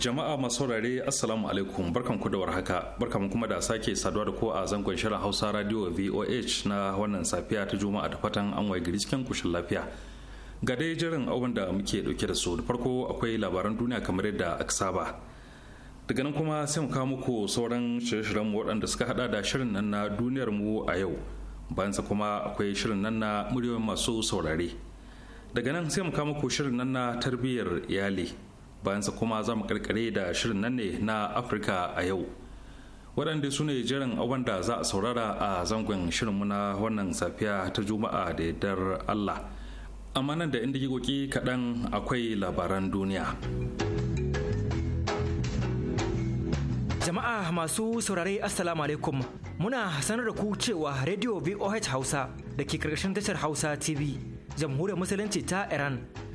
jama'a masu saurare assalamu alaikum barkan ku da warhaka barkan kuma da sake saduwa da ko a zangon shirin hausa radio voh na wannan safiya ta juma'a da fatan an waye gari cikin kushin lafiya ga dai jiran abin da muke dauke da su da farko akwai labaran duniya kamar yadda aka saba daga nan kuma sai mu kawo muku sauran shirye-shiryen waɗanda suka hada da shirin nan na duniyar mu a yau bayan sa kuma akwai shirin nan na muryoyin masu saurare daga nan sai mu kawo muku shirin nan na tarbiyyar iyali bayansa kuma za mu karkare da shirin nan ne na afirka a yau waɗanda su ne jiran abin da za a saurara a zangon shirinmu na wannan safiya ta juma'a da yardar allah amma nan da inda gigoki kaɗan akwai labaran duniya jama'a masu saurare assalamu alaikum muna sanar da ku cewa radio voh hausa da ke karkashin tashar hausa tv jamhuriyar musulunci ta iran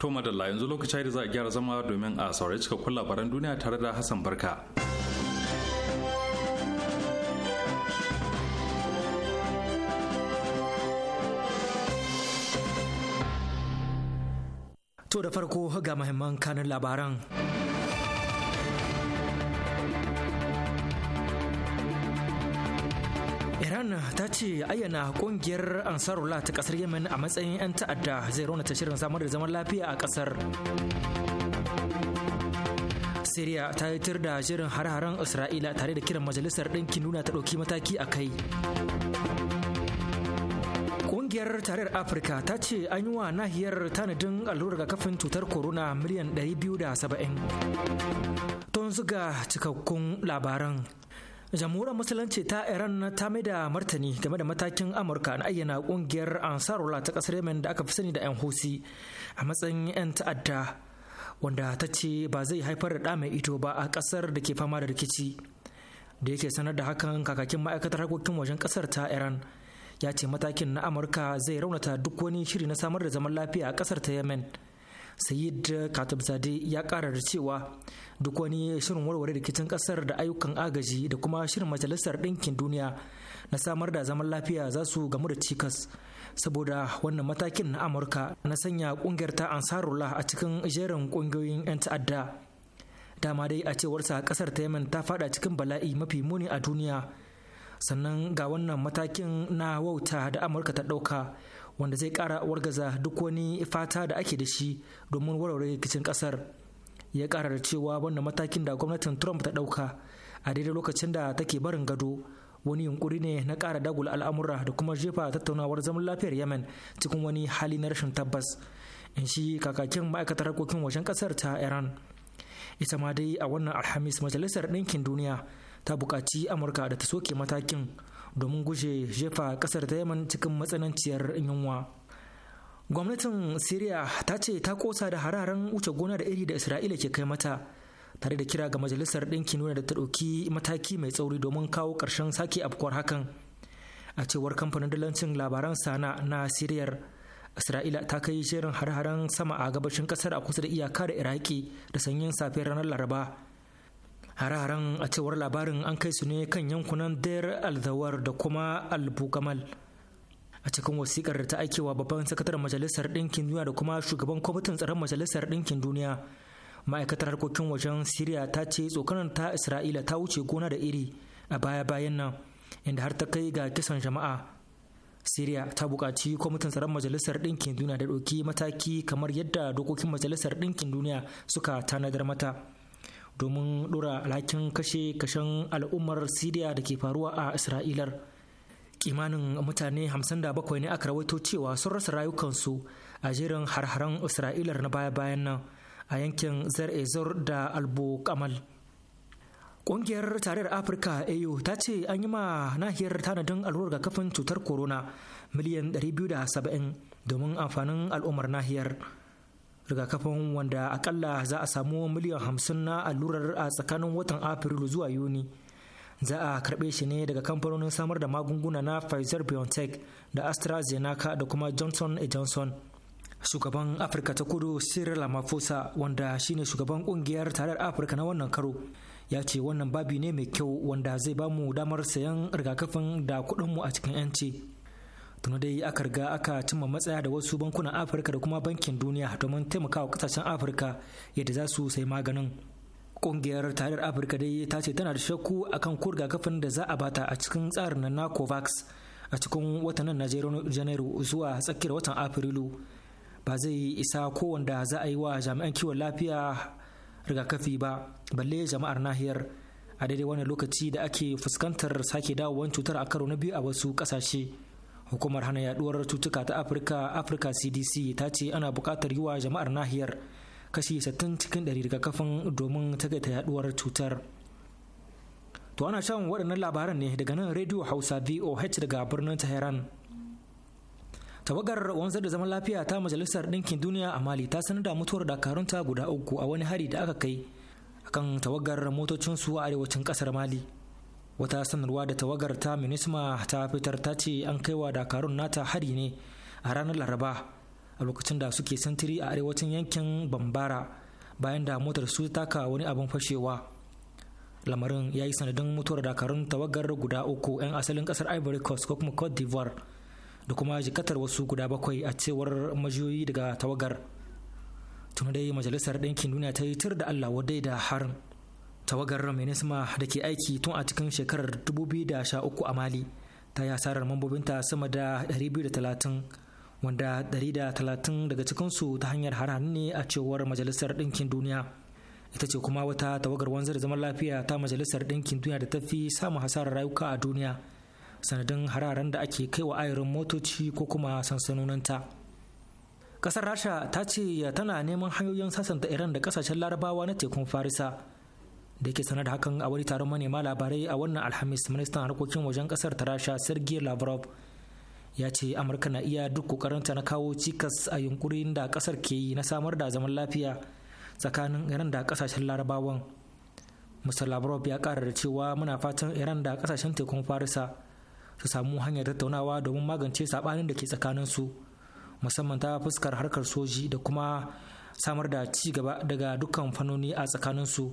To madalla yanzu lokaci da za a gyara zama domin a saurari cikakkun labaran duniya tare da Hassan Barka. To da farko ga mahimman kanin labaran. ta ce ayyana kungiyar ansarula ta kasar yemen a matsayin 'yan ta'adda zai ta shirin samar da zaman lafiya a kasar Siriya ta yi yitar da shirin har-haren Isra'ila tare da kiran majalisar ɗinkin nuna ta ɗauki mataki a kai. Ƙungiyar tarayyar Afirka ta ce an yi wa nahiyar tanadin allurar kafin cutar corona miliyan 270. Tun zuga cikakkun labaran. jamhuriyar musulunci ta iran ta mai da martani game da matakin amurka na ayyana kungiyar ansarola ta kasar yemen da aka fi sani da yan husi a matsayin 'yan ta'adda wanda ta ce ba zai haifar da ɗa mai ito ba a kasar da ke fama da rikici da yake sanar da hakan kakakin ma'aikatar harkokin wajen kasar ta iran ya ce matakin na amurka zai raunata duk wani shiri na samar da zaman lafiya a kasar ta yemen sayid zade ya karar cewa duk wani shirin warware rikicin kasar da ayyukan agaji da kuma shirin majalisar ɗinkin duniya na samar da zaman lafiya za su gamu da cikas saboda wannan matakin na amurka na sanya kungiyar ta ansarullah a cikin jerin kungiyoyin 'yan ta'adda dama dai a cewarsa kasar ta yemen ta fada cikin bala'i mafi muni a duniya sannan ga wannan matakin na wauta da amurka ta ɗauka wanda zai kara wargaza duk wani fata da ake da shi domin warware rikicin kasar ya kara da cewa wannan matakin da gwamnatin trump ta dauka a daidai lokacin da take barin gado wani yunkuri ne na kara dagul al'amura da kuma jefa tattaunawar zaman lafiyar yemen cikin wani hali na rashin tabbas in shi kakakin ma'aikatar harkokin wajen kasar ta iran ita ma dai a wannan alhamis majalisar ɗinkin duniya ta buƙaci amurka da ta soke matakin domin guje jefa kasar ta yaman cikin matsananciyar yunwa gwamnatin syria ta ce ta kosa da hararen wuce gona da iri da isra'ila ke kai mata tare da kira ga majalisar ɗinki nuna da ta ɗauki mataki mai tsauri domin kawo ƙarshen sake afkuwar hakan a cewar kamfanin dalancin labaran sana na siriyar isra'ila ta kai shirin hare haren sama a gabashin ƙasar a kusa da iyaka da iraki da sanyin safiyar ranar laraba Hararen a cewar labarin an kai su ne kan yankunan dayar alzawar da kuma albukamal A cikin wasikar da ta aikewa babban sakataren Majalisar Ɗinkin Duniya da kuma shugaban kwamitin tsaron Majalisar Ɗinkin Duniya. Ma'aikatar harkokin wajen Siriya ta ce tsokanar ta Isra'ila ta wuce gona da iri a baya-bayan nan inda har ta kai ga kisan jama'a Siriya ta buƙaci kwamitin tsaron Majalisar Ɗinkin Duniya da ɗauki mataki kamar yadda dokokin Majalisar Ɗinkin Duniya suka tanadar mata. domin ɗora alhakin kashe kashen al'ummar siriya da ke faruwa a isra'ilar kimanin mutane 57 ne aka rawaito cewa sun rasa rayukansu a jerin har-haren isra'ilar na baya-bayan nan a yankin zar da albo kamal Ƙungiyar Tarayyar Afirka AU ta ce an yi ma nahiyar tanadin ga kafin cutar corona miliyan 270 domin amfanin al'ummar nahiyar. rigakafin wanda akalla za a samu miliyan hamsin na allurar a tsakanin watan afrilu zuwa yuni za a karbe shi ne daga kamfanonin samar da magunguna na pfizer biontech da astrazeneca da kuma johnson johnson shugaban afirka ta kudu cyril ramaphosa wanda shine shugaban kungiyar tarar afirka na wannan karo ya ce wannan babi ne mai kyau wanda zai bamu damar sayan rigakafin da kudinmu a cikin 'yanci tuna dai aka riga aka cimma matsaya da wasu bankunan afirka da kuma bankin duniya domin taimakawa kasashen afirka yadda za su sai maganin kungiyar tarayyar afirka dai ta ce tana da shakku akan kurga kafin da za a bata a cikin tsarin na covax a cikin watanin na janairu zuwa tsakiyar watan afrilu ba zai isa kowanda za a yi wa jami'an kiwon lafiya rigakafi ba balle jama'ar nahiyar a daidai wani lokaci da ake fuskantar sake dawowar cutar a karo na biyu a wasu kasashe hukumar hana yaduwar cutuka ta afirka afirka cdc ta ce ana bukatar yi wa jama'ar nahiyar kashi 60 cikin 100 rigakafin domin ta yaduwar cutar to ana shan waɗannan labaran ne daga nan radio hausa voh daga birnin tehran tawagar wanzar da zaman lafiya ta majalisar ɗinkin duniya a mali ta sanar da mutuwar dakarunta guda uku a wani hari da aka kai akan tawagar motocinsu a arewacin ƙasar mali wata sanarwa da tawagar ta minisma ta fitar ta ce an kai wa dakarun nata hari ne a ranar laraba a lokacin da suke sintiri a arewacin yankin bambara bayan da motar su taka wani abin fashewa lamarin ya yi sanadin mutuwar dakarun tawagar guda uku 'yan asalin kasar ivory coast ko kuma cote d'ivoire da kuma jikatar wasu guda bakwai a cewar majiyoyi daga tawagar tun dai majalisar ɗinkin duniya ta yi tir da allah wadai da harin tawagar minisma da ke aiki tun a cikin shekarar 2013 a mali ta yi hasarar mambobinta sama da 230 wanda 130 daga cikinsu ta hanyar harhari ne a cewar majalisar ɗinkin duniya ita ce kuma wata tawagar wanzar zaman lafiya ta majalisar ɗinkin duniya da ta fi samun hasarar rayuka a duniya sanadin hararen da ake kai wa ayarin motoci ko kuma sansanoninta ƙasar rasha ta ce tana neman hanyoyin sasanta iran da kasashen larabawa na tekun farisa da ke sanar da hakan a wani taron manema labarai a wannan alhamis ministan harkokin wajen kasar ta rasha sergei lavrov ya ce amurka na iya duk kokarinta na kawo cikas a yunkurin da kasar ke yi na samar da zaman lafiya tsakanin iran da kasashen larabawan mr lavrov ya kara da cewa muna fatan iran da kasashen tekun farisa su samu hanyar tattaunawa domin magance saɓanin da ke tsakanin su musamman ta fuskar harkar soji da kuma samar da ci gaba daga dukkan fannoni a tsakanin su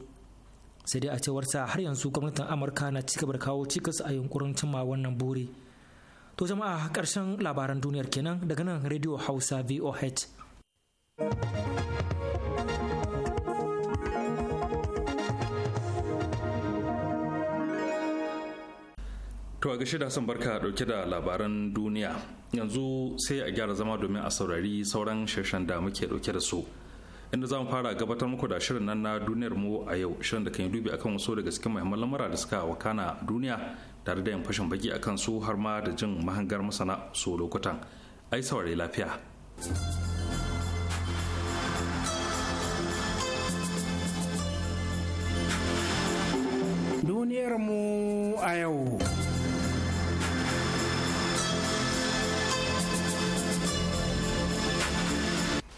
sai dai a ta har yanzu gwamnatin amurka na ci gaba da kawo cikas a yunkurin cimma wannan buri to jama'a karshen labaran duniyar kenan daga nan radio hausa voh To a gashi da son barka dauke da labaran duniya yanzu sai a gyara zama domin a saurari sauran shirshen da muke dauke da su. inda za mu fara gabatar muku da shirin nan na duniyar mu a yau shirin da kan yi dubi akan wasu daga cikin muhimman lamura da suka wakana duniya tare da yin fashin baki akan su har ma da jin mahangar masana su lokutan ai saurayi lafiya duniyar mu a yau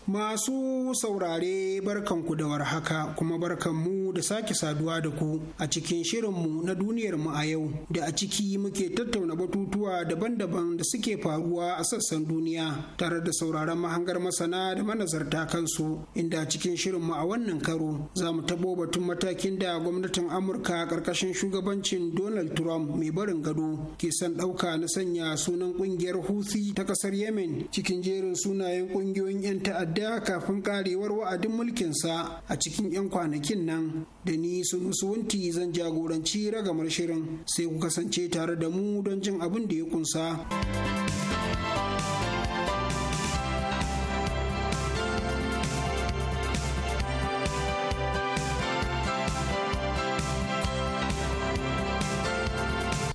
Masu saurare barkanku da warhaka kuma mu da sake saduwa da ku a cikin shirinmu na duniyar mu a yau da a ciki muke tattauna batutuwa daban-daban da suke faruwa a sassan duniya tare da sauraron mahangar masana da manazarta kansu inda a cikin shirinmu a wannan karo za mu tabo batun matakin da gwamnatin Amurka ƙarƙashin shugabancin Donald Trump mai barin gado ke son ɗauka na sanya sunan ƙungiyar Houthi ta ƙasar Yemen cikin jerin sunayen ƙungiyoyin 'yan ta'adda daya kafin karewar wa'adin mulkinsa a cikin 'yan kwanakin nan da ni sun wunti zan jagoranci ragamar shirin sai ku kasance tare da mu don jin abin da ya kunsa.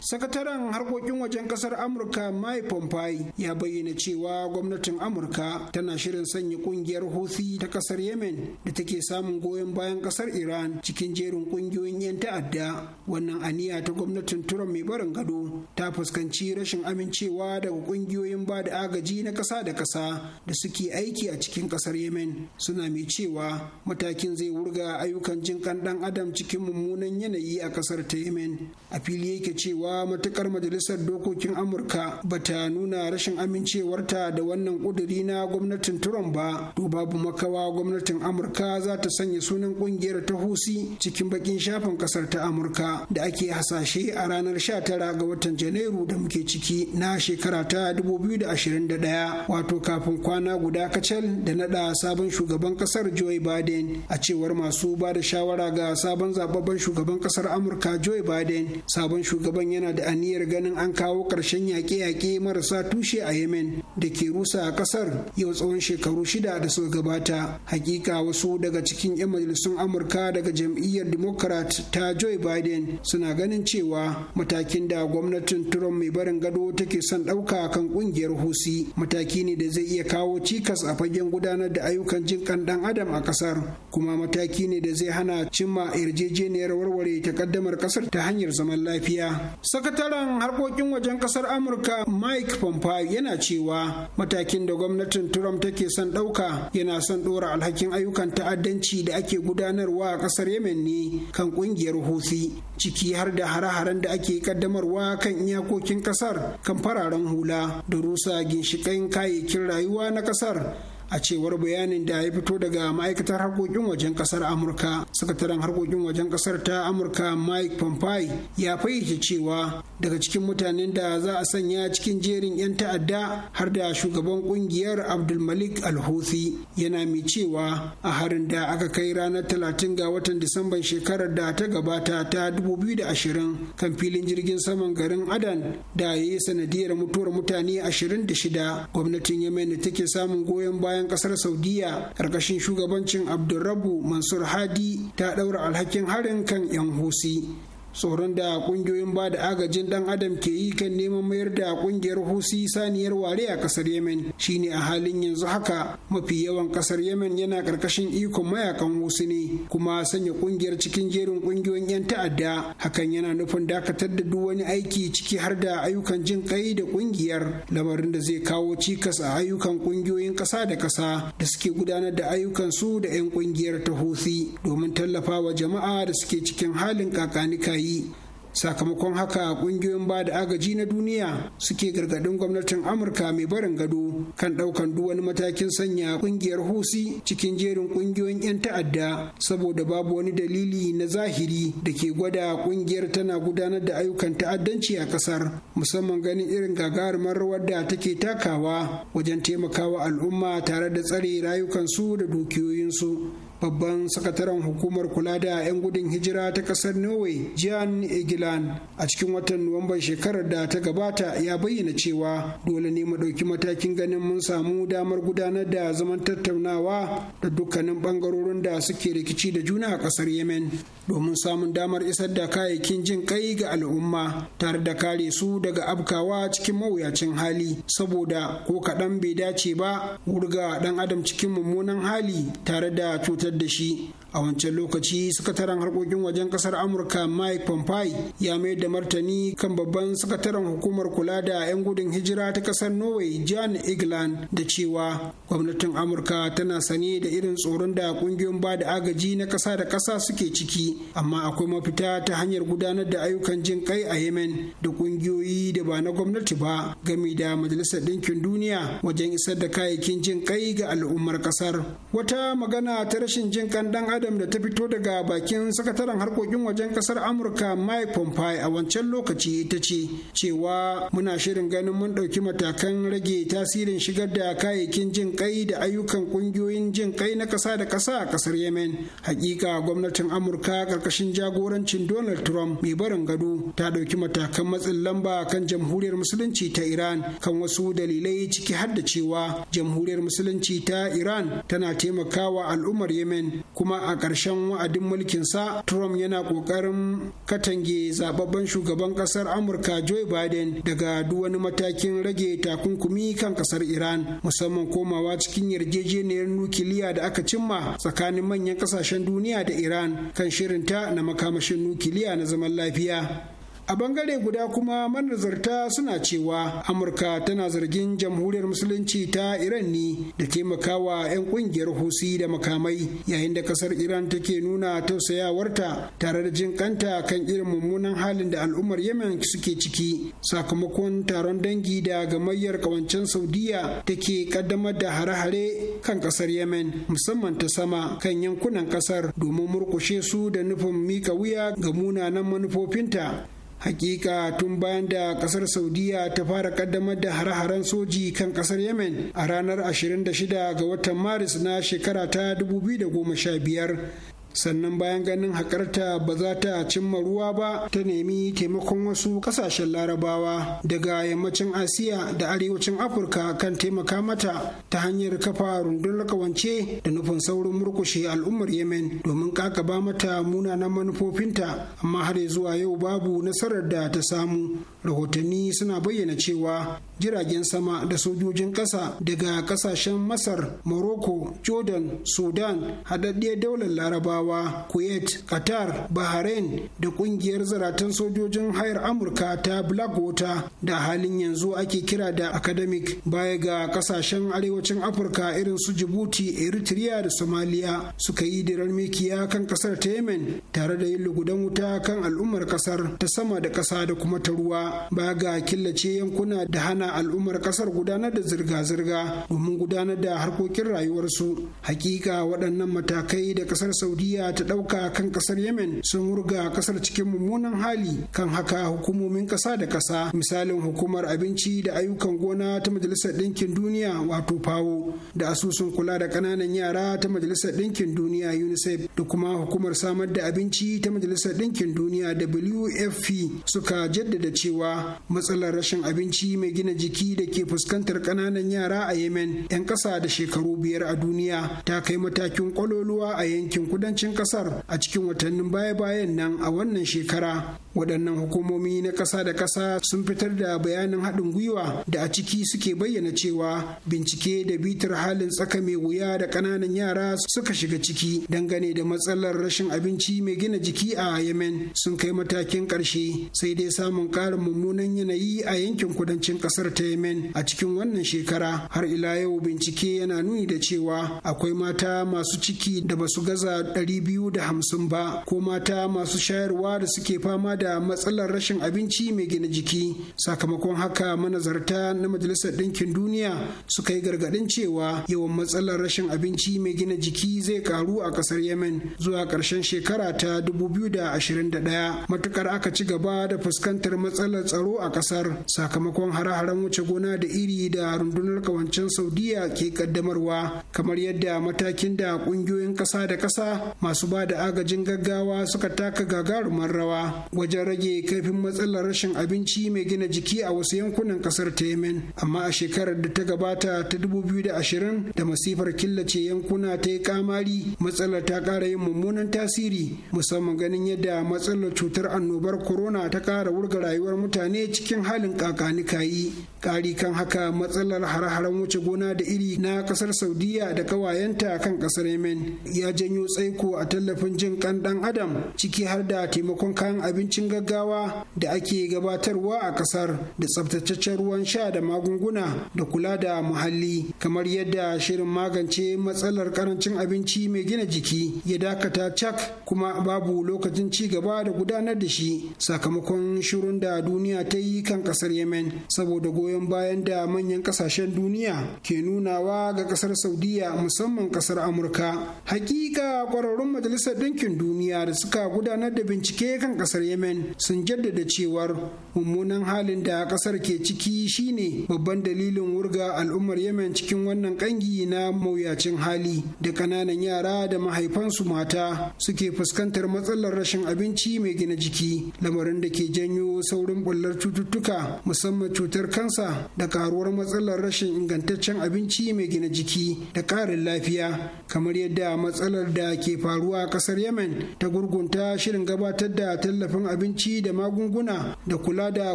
sakataren harkokin wajen kasar amurka mike pompeo ya bayyana cewa gwamnatin amurka tana shirin sanya kungiyar houthi ta kasar yemen da take samun goyon bayan kasar iran cikin jerin kungiyoyin 'yan ta'adda wannan aniya ta gwamnatin turan mai barin gado ta fuskanci rashin amincewa daga kungiyoyin ba da agaji na kasa da kasa da suke aiki a cikin kasar yemen suna mai cewa matakin zai wurga ayyukan jinkan dan adam cikin mummunan yanayi a kasar ta yemen a fili yake cewa matukar majalisar dokokin amurka ba ta nuna rashin amincewarta da wannan ƙuduri na gwamnatin turan ba to babu makawa gwamnatin amurka za ta sanya sunan ƙungiyar ta husi cikin bakin shafin ƙasar ta amurka da ake hasashe a ranar 19 ga watan janairu da muke ciki na shekara ta 2021 wato kafin kwana guda kacal da naɗa sabon shugaban ƙasar joe biden a cewar masu ba da shawara ga sabon zababben shugaban ƙasar amurka joe biden sabon shugaban yana yana da aniyar ganin an kawo ƙarshen yaƙe-yaƙe marasa tushe a yemen da ke rusa a ƙasar yau tsawon shekaru shida da suka gabata hakika wasu daga cikin 'yan majalisun amurka daga jam'iyyar democrat ta joe biden suna ganin cewa matakin da gwamnatin trump mai barin gado take son ɗauka kan ƙungiyar husi mataki ne da zai iya kawo cikas a fagen gudanar da ayyukan jin kan ɗan adam a ƙasar kuma mataki ne da zai hana cimma yarjejeniyar warware takaddamar ƙasar ta hanyar zaman lafiya sakataren harkokin wajen kasar amurka mike pompeo yana cewa matakin da gwamnatin trump take son ɗauka yana son ɗora alhakin ayyukan ta'addanci da ake gudanarwa a kasar yemen ne kan ƙungiyar huthi ciki har da hare-haren da ake kaddamarwa kan iyakokin kasar kan fararen hula da rusa ginshiƙan kayayyakin rayuwa na kasar a cewar bayanin da ya fito daga ma'aikatar harkokin wajen kasar amurka sakataren harkokin wajen kasar ta amurka mike pompeo ya fayyace cewa daga cikin mutanen da za a sanya cikin jerin 'yan ta'adda har da shugaban kungiyar abdulmalik alhuthi yana mai cewa a harin da aka kai ranar talatin ga watan disamban shekarar da ta gabata ta 2020 kan filin jirgin saman garin adan da ya yi sanadiyar mutuwar mutane 26 gwamnatin yemen da take samun goyon bayan bayan kasar saudiya ƙarƙashin shugabancin abdulrabu mansur hadi ta ɗaura alhakin harin kan 'yan husi tsoron da kungiyoyin ba da agajin dan adam ke yi kan neman mayar da kungiyar husi saniyar ware a kasar yemen shine a halin yanzu haka mafi yawan kasar yemen yana karkashin ikon mayakan husi ne kuma sanya kungiyar cikin jerin kungiyoyin yan ta'adda hakan yana nufin dakatar da duk wani aiki ciki har da ayyukan jin kai da kungiyar lamarin da zai kawo cikas a ayyukan kungiyoyin kasa da kasa da suke gudanar da ayyukan su da yan kungiyar ta husi domin tallafa wa jama'a da suke cikin halin kakanikai yi sakamakon haka kungiyoyin ba da agaji na duniya suke gargadin gwamnatin amurka mai barin gado kan daukan duk wani matakin sanya kungiyar husi cikin jerin kungiyoyin 'yan ta'adda saboda babu wani dalili na zahiri da ke gwada kungiyar tana gudanar da ayyukan ta'addanci a kasar musamman ganin irin gagarumar rawar da take takawa wajen taimakawa al'umma tare da tsare rayukansu da dukiyoyinsu babban sakataren hukumar kula da 'yan gudun hijira ta kasar norway jan egilan a cikin watan nuwamban shekarar da ta gabata ya bayyana cewa dole ne mu ɗauki matakin ganin mun samu damar gudanar da zaman tattaunawa da dukkanin ɓangarorin da suke rikici da juna a ƙasar yemen domin samun damar isar da kayayyakin jin kai ga al'umma tare da kare su daga abkawa cikin mawuyacin hali saboda ko kaɗan bai dace ba wurga ɗan adam cikin mummunan hali tare da cutar da shi a wancan lokaci sakataren harkokin wajen kasar amurka mike pompeo ya mai da martani kan babban sakataren hukumar kula da 'yan gudun hijira ta kasar norway john england da cewa gwamnatin amurka tana sane da irin tsoron da kungiyoyin ba da agaji na kasa da kasa suke ciki amma akwai mafita ta hanyar gudanar da ayyukan jin kai a yemen da kungiyoyi da ba na gwamnati ba game da majalisar ɗinkin duniya wajen isar da kayayyakin jin kai ga al'ummar kasar wata magana ta rashin jin kan dan adam da ta fito daga bakin sakataren harkokin wajen kasar amurka mike pompeo a wancan lokaci ita ce cewa muna shirin ganin mun ɗauki matakan rage tasirin shigar da kayayyakin jin kai da ayyukan ƙungiyoyin jin kai na ƙasa da ƙasa a ƙasar yemen hakika gwamnatin amurka ƙarƙashin jagorancin donald trump mai barin gado ta ɗauki matakan matsin lamba kan jamhuriyar musulunci ta iran kan wasu dalilai ciki har da cewa jamhuriyar musulunci ta iran tana taimakawa al'ummar yemen kuma a a ƙarshen wa'adin mulkinsa trump yana ƙoƙarin katange zababben shugaban ƙasar amurka joe biden daga duk wani matakin rage takunkumi kan ƙasar iran musamman komawa cikin yarjejeniyar nukiliya da aka cimma tsakanin manyan ƙasashen duniya da iran kan shirinta na makamashin nukiliya na zaman lafiya a bangare guda kuma manazarta suna cewa amurka tana zargin jamhuriyar musulunci ta iran ne da taimakawa 'yan kungiyar husi da makamai yayin da kasar iran take nuna tausayawarta tare da jin kanta kan irin mummunan halin da al'ummar yemen suke ciki sakamakon taron dangi da gamayyar kawancen saudiya take kaddamar da hare-hare kan kasar yemen musamman ta sama kan yankunan kasar domin murkushe su da nufin mika wuya ga munanan manufofinta hakika tun bayan da kasar saudiya ta fara kaddamar da hare-haren soji kan kasar yemen a ranar 26 ga watan maris na shekara ta 2015 sannan bayan ganin haƙarta ba za ta cimma ruwa ba ta nemi taimakon wasu ƙasashen larabawa daga yammacin asiya da arewacin afirka kan taimaka mata ta hanyar kafa rundun kawance da nufin saurin murkushe al'ummar yemen domin kaka ba mata munanan manufofinta amma har zuwa yau babu nasarar da ta samu rahotanni suna bayyana cewa jiragen sama da sojojin ƙasa daga ƙasashen masar morocco jordan sudan haɗaɗɗiyar daular larabawa kuwait qatar bahrain da ƙungiyar zaratan sojojin hayar amurka ta blackwater da halin yanzu ake kira da academic baya ga ƙasashen arewacin afirka irin su djibouti eritrea da somalia suka yi diran mikiya kan ƙasar ta yemen tare da yin lugudan wuta kan al'ummar ƙasar ta sama da ƙasa da kuma ta ruwa ba ga killace yankuna da hana al'ummar kasar gudanar da zirga-zirga domin gudanar da harkokin rayuwarsu hakika waɗannan matakai da kasar saudiya ta ɗauka kan kasar yemen sun wurga kasar cikin mummunan hali kan haka hukumomin ƙasa da ƙasa misalin hukumar abinci da ayyukan gona ta majalisar ɗinkin duniya wato fawo da asusun kula da ƙananan yara ta majalisar ɗinkin duniya unicef da kuma hukumar samar da abinci ta majalisar ɗinkin duniya wfp suka jaddada cewa cewa matsalar rashin abinci mai gina jiki da ke fuskantar kananan yara a yemen 'yan ƙasa da shekaru biyar a duniya ta kai matakin kwaloluwa a yankin kudancin ƙasar a cikin watannin baya-bayan nan a wannan shekara waɗannan hukumomi na ƙasa da ƙasa sun fitar da bayanin haɗin gwiwa da a ciki suke bayyana cewa bincike da bitar halin tsaka mai wuya da ƙananan yara suka shiga ciki dangane da matsalar rashin abinci mai gina jiki a yemen sun kai matakin ƙarshe sai dai samun ƙarin mummunan yanayi a yankin kudancin kasar ta yemen a cikin wannan shekara har ila yau bincike yana nuni da cewa akwai mata masu ciki da basu gaza ɗari biyu da hamsin ba ko mata masu shayarwa da suke fama da matsalar rashin abinci mai gina jiki sakamakon haka manazarta na majalisar ɗinkin duniya suka yi gargaɗin cewa yawan matsalar rashin abinci mai gina jiki zai karu a ƙasar yemen zuwa ƙarshen shekara ta da da ɗaya. matukar aka ci gaba da fuskantar matsalar tsaro a kasar sakamakon hare-haren wuce gona da iri da rundunar kawancen saudiya ke kaddamarwa kamar yadda matakin da kungiyoyin kasa da kasa masu ba da agajin gaggawa suka taka gagarumar rawa wajen rage kaifin matsalar rashin abinci mai gina jiki a wasu yankunan kasar ta yemen amma a shekarar da ta gabata ta 2020 da masifar killace yankuna ta yi kamari matsalar ta kara yin mummunan tasiri musamman ganin yadda matsalar cutar annobar corona ta kara wurga rayuwar mutane cikin halin kakanikayi Kari kan haka matsalar har-haren wuce gona da iri na kasar saudiya da kawayenta kan kasar yemen ya janyo tsaiko a tallafin jin ƙanɗan dan adam ciki har da taimakon kayan abincin gaggawa da ake gabatarwa a kasar. da tsabtataccen ruwan sha da magunguna da kula da muhalli kamar yadda shirin magance matsalar ƙarancin abinci mai gina jiki ya dakata cak kuma babu lokacin ci gaba da gudanar da shi sakamakon shirin da duniya ta yi kan kasar yemen saboda goyon bayan da manyan kasashen duniya ke nunawa ga kasar saudiya musamman kasar amurka hakika kwararrun majalisar ɗinkin duniya da suka gudanar da bincike kan kasar yemen sun jaddada cewar mummunan halin da kasar ke ciki shine babban dalilin wurga al'ummar yemen cikin wannan kangi na mawuyacin hali da kananan yara da mahaifansu mata suke fuskantar matsalar rashin abinci mai gina jiki lamarin da ke janyo saurin samun cututtuka musamman cutar kansa da karuwar matsalar rashin ingantaccen abinci mai gina jiki da ƙarin lafiya kamar yadda matsalar da ke faruwa a ƙasar yemen ta gurgunta shirin gabatar da tallafin abinci da magunguna da kula da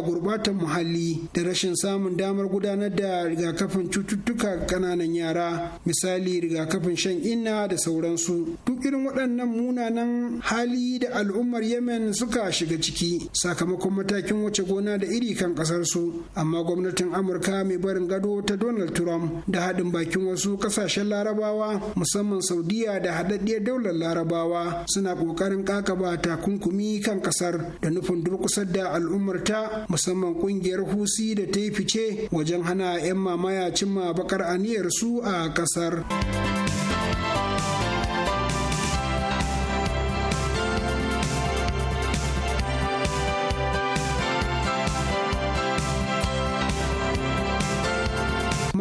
gurbatan muhalli da rashin samun damar gudanar da rigakafin cututtuka ƙananan yara misali rigakafin shan inna da sauransu duk irin waɗannan munanan hali da al'ummar yemen suka shiga ciki sakamakon matakin wuce wuce gona da iri kan ƙasarsu amma gwamnatin amurka mai barin gado ta donald trump da haɗin bakin wasu ƙasashen larabawa musamman saudiya da haɗaɗɗiyar daular larabawa suna ƙoƙarin ƙakaba takunkumi kan ƙasar da nufin durƙusar da al'ummarta musamman ƙungiyar husi da ta yi fice wajen hana 'yan mamaya cimma baƙar aniyar su a ƙasar.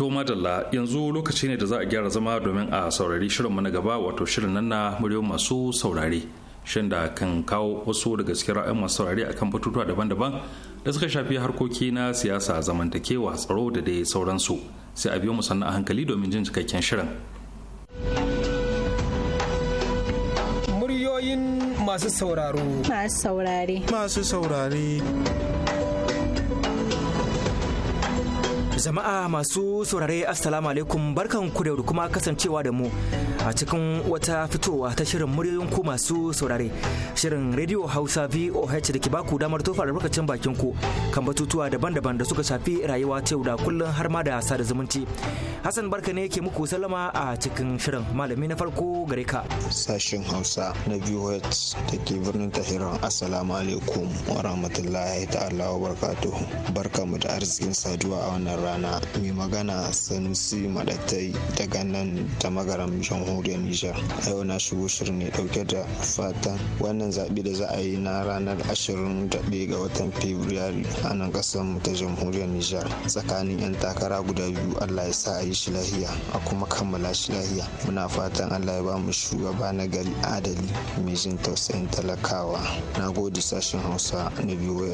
To madalla yanzu lokaci ne da za a gyara zama domin a saurari shirinmu na gaba wato shirin nan na muryoyin masu saurare. Shin da kan kawo wasu daga cikin ra'ayin masu saurare akan batutuwa daban-daban da suka shafi harkoki na siyasa zamantakewa tsaro da dai sauransu. Sai a biyo mu sannan a hankali domin jin cikakken shirin. Muryoyin masu sauraro. Masu saurare. Masu saurare. Jama'a masu saurare Assalamu alaikum barkan ku da kuma kasancewa da mu a cikin wata fitowa ta shirin muryoyin ku masu saurare. Shirin Radio Hausa VOH da ke baku damar tofa lokacin bakin ku kan batutuwa daban-daban da suka shafi rayuwa ta yau da kullun har ma da sada zumunci. Hassan barka ne ke muku salama a cikin shirin malami na farko gare ka. Sashen Hausa na VOH da ke birnin Tahiran Assalamu alaikum wa rahmatullahi ta'ala wa barakatuhu. Barka da arzikin saduwa a wannan rana mai magana sanusi madattai daga nan ta magaram jamhuriyar nijar a yau na shigo shirin ne dauke da fatan wannan zaɓe da za a yi na ranar ashirin 21 ga watan fabrairu a nan ƙasar mu ta jamhuriyar nijar tsakanin 'yan takara guda biyu allah ya sa a yi shi lahiya a kuma kammala shi lahiya muna fatan allah ya ba mu shugaba na gari adali mai jin tausayin talakawa na gode sashen hausa na voh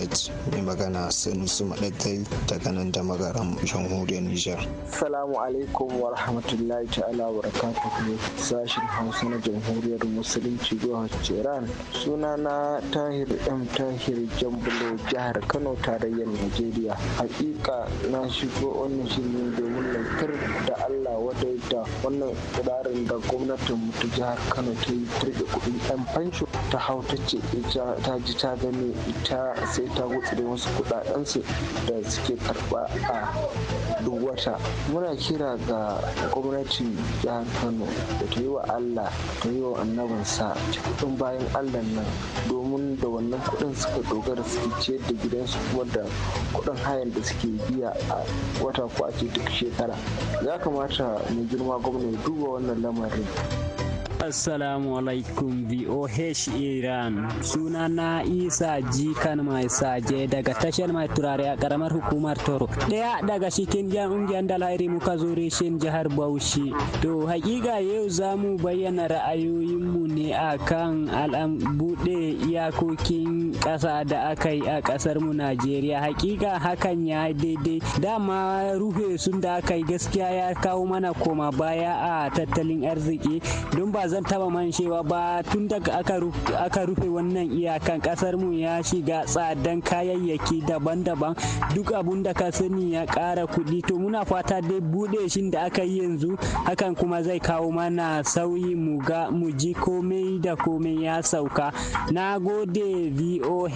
mai magana sanusi madattai daga nan da magaram jamhuriyar Nijar. Salamu alaikum wa rahmatullahi ta'ala wa barakatuhu sashen Hausa na jamhuriyar Musulunci jihar Tehran. Suna na Tahir M Tahir Jambulo jihar Kano tarayyar Najeriya. Hakika na shigo wannan shirin domin lantar da Allah wadai da wannan kudarin da gwamnatin mutu jihar Kano ta yi turbe kudin ɗan fansho ta hau ta ce ta ji ta gani ita sai ta gutsi da wasu su da suke karba a duk wata muna kira ga gwamnatin jihar kano da ta yi wa allah ta yi wa annabinsa cikin bayan allah nan domin da wannan kudin suka dogara suke ciyar da gidansu kuma da kudin hayan da suke biya a wata ko duk shekara ya kamata mai girma gwamna ya duba wannan lamarin Assalamu alaikum VOH Iran. Suna na Isa Jikan mai saje daga tashar mai turare a karamar hukumar Toro. Ɗaya daga cikin yan dalairi muka zuri shin jihar Bauchi. To hakika yau za mu bayyana mu ne akan al'am buɗe iyakokin ƙasa da aka yi a ƙasar mu Najeriya. Hakika hakan ya daidai. Dama rufe sun da aka yi gaskiya ya kawo mana koma baya a tattalin arziki don ba zan taba manshewa ba tun daga aka rufe wannan iyakan kasar mu ya shiga tsadan kayayyaki daban-daban duk abun da ka sani ya ƙara kuɗi to muna fata dai buɗe shi da aka yi yanzu hakan kuma zai kawo mana sauyi mu ga mu ji komai da komai ya sauka na gode voh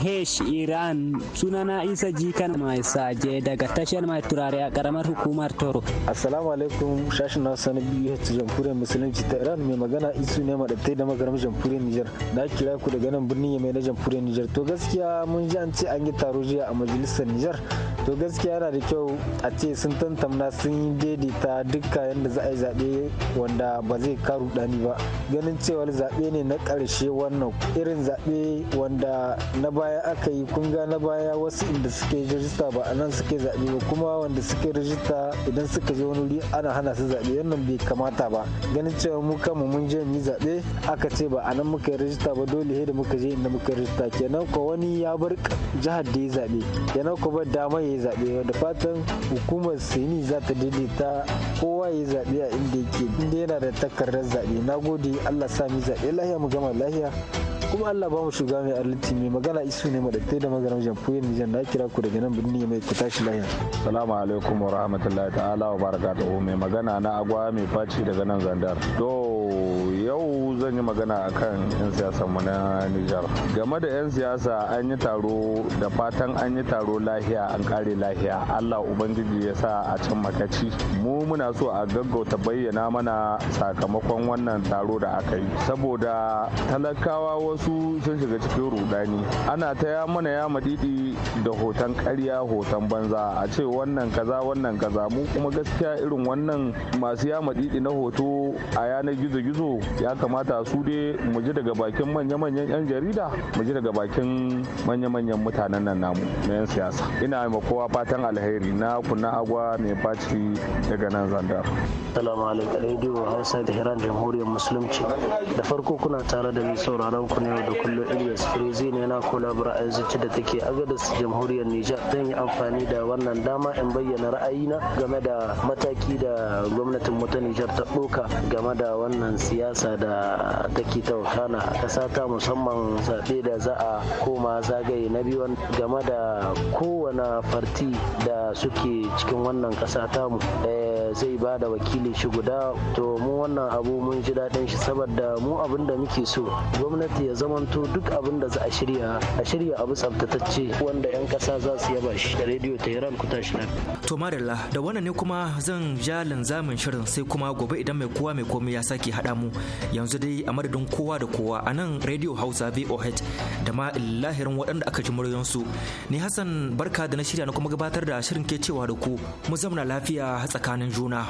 iran sunana isa jikan mai saje daga tashar mai turare a karamar hukumar toro assalamu alaikum shashin na sani biyu jamhuriyar musulunci ta iran mai magana isu ne madattai da magaram jamhuriyar Nijar na kira ku daga nan birnin Yamai na jamhuriyar Nijar to gaskiya mun ji an ce an yi taro jiya a majalisar Nijar to gaskiya yana da kyau a ce sun tantamna sun yi daidaita dukkan yadda za a yi zaɓe wanda ba zai karu ɗani ba ganin cewa zaɓe ne na ƙarshe wannan irin zaɓe wanda na baya aka yi ga na baya wasu inda suke rajista ba a nan suke zaɓe ba kuma wanda suke rajista idan suka je wani wuri ana hana su zaɓe wannan bai kamata ba ganin cewa mu kanmu mun je an yi zaɓe aka ce ba a nan muka yi rajista ba dole da muka je inda muka rajista kenan ko wani ya bar jihar da ya zaɓe kenan ko ba dama ya yi zaɓe wanda fatan hukumar sini za ta daidaita kowa ya yi zaɓe a inda yake inda yana da takardar zaɓe na gode allah sami zaɓe lahiya mu gama lahiya kuma allah ba mu shiga mai arliti mai magana isu ne madatai da maganar jamhuriyar nijar na kira ku daga nan birni mai ku tashi lahiya salamu alaikum wa rahmatullahi ta'ala wa barakatuhu mai magana na agwa mai faci daga nan zandar yau zan yi magana kan 'yan siyasar mu na Nijar. Game da 'yan siyasa an yi taro da fatan an yi taro lahiya an kare lahiya Allah Ubangiji ya sa a can makaci. Mu muna so a gaggauta bayyana mana sakamakon wannan taro da aka yi. Saboda talakawa wasu sun shiga cikin rudani. Ana ta ya mana ya madidi da hoton karya hoton banza a ce wannan kaza wannan kaza mu kuma gaskiya irin wannan masu ya madidi na hoto a yanar gizo-gizo ya kamata su dai mu ji daga bakin manya-manyan 'yan jarida mu ji daga bakin manya-manyan mutanen nan namu na 'yan siyasa ina ma kowa fatan alheri na kuna agwa mai baci daga nan zandar salamu alaikum radio hausa da hiran jamhuriyar musulunci da farko kuna tare da ni sauraron ku ne da kullum ilyas firizi ne na kula a yanzu da take agadas jamhuriyar nijar zan yi amfani da wannan dama in bayyana ra'ayi na game da mataki da gwamnatin wata nijar ta ɗoka game da wannan siyasa siyasa da take ta a ƙasa ta musamman zaɓe da za a koma zagaye na biyu game da kowane farti da suke cikin wannan ƙasa mu eh, zai ba da wakili shi guda to mu wannan abu mun ji daɗin shi saboda mu abin da muke so gwamnati ya zamanto duk abin da za a shirya a shirya abu tsaftatacce wanda 'yan ƙasa za su yaba shi da rediyo ta tehran ku tashi to marilla da wannan ne kuma zan ja linzamin shirin sai kuma gobe idan mai kowa mai komai ya sake haɗa mu yanzu dai a madadin kowa da kowa a nan radio hausa voh da ma lahirin waɗanda aka ji muryansu ni hassan barka da na shirya na kuma gabatar da shirin ke cewa da ku mu zamna lafiya tsakanin juna.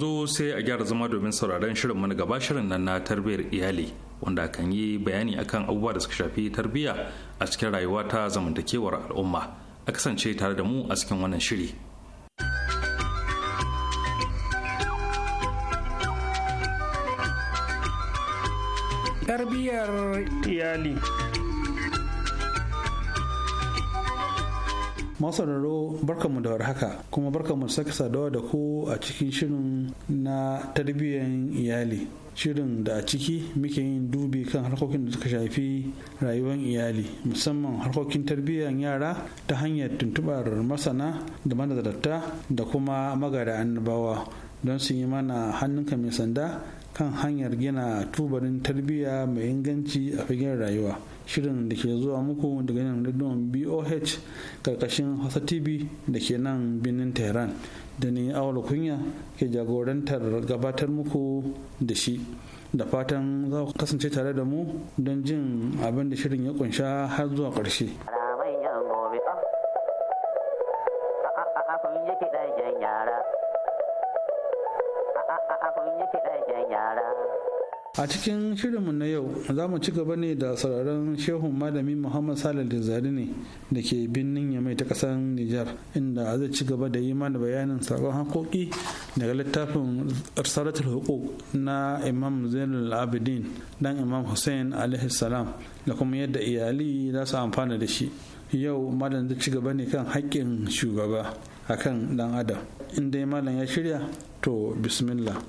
yanzu sai a gyara zama domin sauraron shirin mana gaba shirin nan na tarbiyyar iyali wanda kan yi bayani akan abubuwa da suka shafi tarbiyya a cikin rayuwa ta zamantakewar al'umma a kasance tare da mu a cikin wannan shiri tarbiyyar iyali masararo barkanmu da haka kuma barkanmu da saka da ku a cikin shirin na tarbiyyar iyali shirin da a ciki muke yin dubi kan harkokin da suka shafi rayuwar iyali musamman harkokin tarbiyyar yara ta hanyar tuntubar masana da manazarta da kuma magada annabawa don su yi mana hannunka mai sanda kan hanyar gina tubarin tarbiyya mai inganci a fagen rayuwa shirin da ke zuwa muku daga nan rediyon boh karkashin hausa tv da ke nan birnin tehran da ni awal kunya ke jagorantar gabatar muku da shi da fatan za ku kasance tare da mu don jin abin da shirin ya kunsha har zuwa ƙarshe. yara a cikin shirinmu na yau za mu ci gaba ne da sauraron shehun malami muhammad salih zari ne da ke birnin yamai ta kasar nijar inda zai ci gaba da yi mana bayanin sakon hakoki daga littafin tsaratar hukuk na imam zainul abidin dan imam hussein alaihi salam da kuma yadda iyali za su amfana da shi yau malam zai ci gaba ne kan haƙƙin shugaba akan dan adam in dai malam ya shirya to bismillah